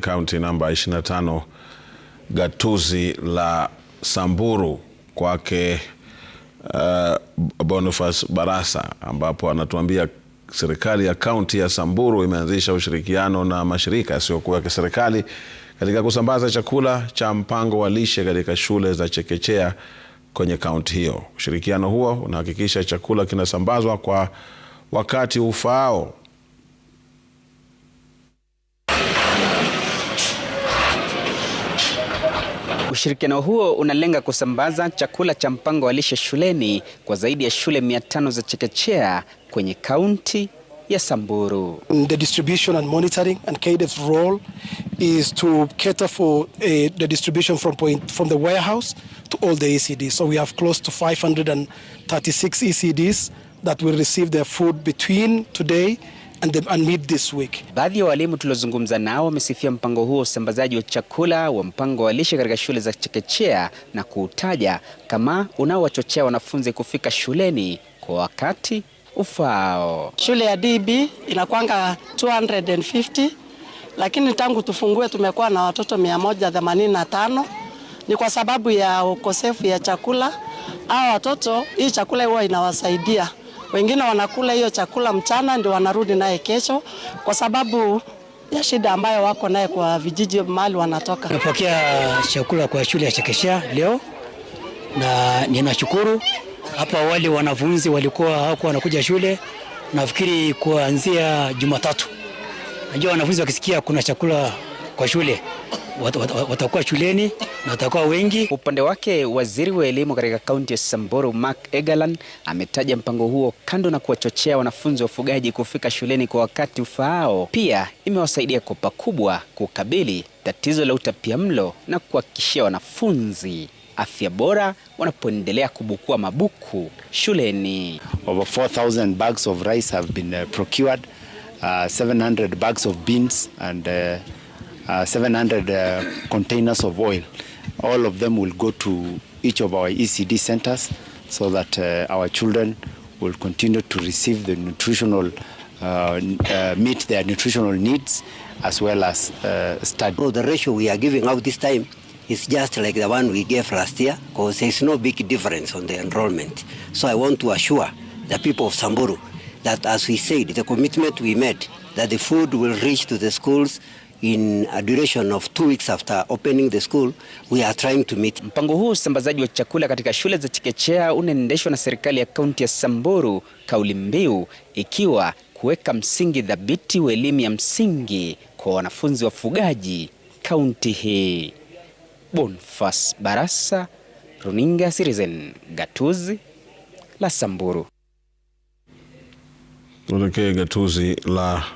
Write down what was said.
Kaunti namba 25 gatuzi la Samburu kwake uh, Boniface Barasa ambapo anatuambia serikali ya kaunti ya Samburu imeanzisha ushirikiano na mashirika yasiyokuwa ya kiserikali katika kusambaza chakula cha mpango wa lishe katika shule za chekechea kwenye kaunti hiyo. Ushirikiano huo unahakikisha chakula kinasambazwa kwa wakati ufaao Ushirikiano huo unalenga kusambaza chakula cha mpango wa lishe shuleni kwa zaidi ya shule 500 za chekechea kwenye kaunti ya Samburu. The distribution and monitoring and KDF's role is to cater for uh, the distribution from point, from the warehouse to all the ECDs. So we have close to 536 ECDs that will receive their food between today and the, and meet this week. Baadhi ya walimu tuliozungumza nao wamesifia mpango huo usambazaji wa chakula wa mpango wa lishe katika shule za chekechea na kuutaja kama unaowachochea wanafunzi kufika shuleni kwa wakati ufao Shule ya DB inakwanga 250 lakini tangu tufungue tumekuwa na watoto 185. Ni kwa sababu ya ukosefu ya chakula. Hawa watoto hii chakula huwa inawasaidia wengine wanakula hiyo chakula mchana ndio wanarudi naye kesho, kwa sababu ya shida ambayo wako naye kwa vijiji mahali wanatoka. Napokea chakula kwa shule ya chekechea leo na ninashukuru. hapa wale wanafunzi walikuwa hawako wanakuja shule, nafikiri kuanzia Jumatatu. Najua wanafunzi wakisikia kuna chakula kwa shule watakuwa shuleni na watakuwa wengi. Upande wake waziri wa elimu katika kaunti ya Samburu Mark Egalan ametaja mpango huo, kando na kuwachochea wanafunzi wa ufugaji kufika shuleni kwa wakati ufaao, pia imewasaidia kwa pakubwa kukabili tatizo la utapiamlo na kuhakikishia wanafunzi afya bora wanapoendelea kubukua mabuku shuleni. Over 4000 bags of rice have been uh, procured, uh, 700 bags of beans and uh, uh, 700 uh, containers of oil. All of them will go to each of our ECD centers so that uh, our children will continue to receive the nutritional uh, uh, meet their nutritional needs as well as uh, study. So the ratio we are giving out this time is just like the one we gave last year because there is no big difference on the enrollment. So I want to assure the people of Samburu that as we said, the commitment we made that the food will reach to the schools in a duration of two weeks after opening the school we are trying to meet. Mpango huu usambazaji wa chakula katika shule za chekechea unaendeshwa na serikali ya kaunti ya Samburu, kauli mbiu ikiwa kuweka msingi dhabiti wa elimu ya msingi kwa wanafunzi wafugaji kaunti hii. Bonfas Barasa, Runinga Citizen, gatuzi la Samburu. Tuelekee gatuzi la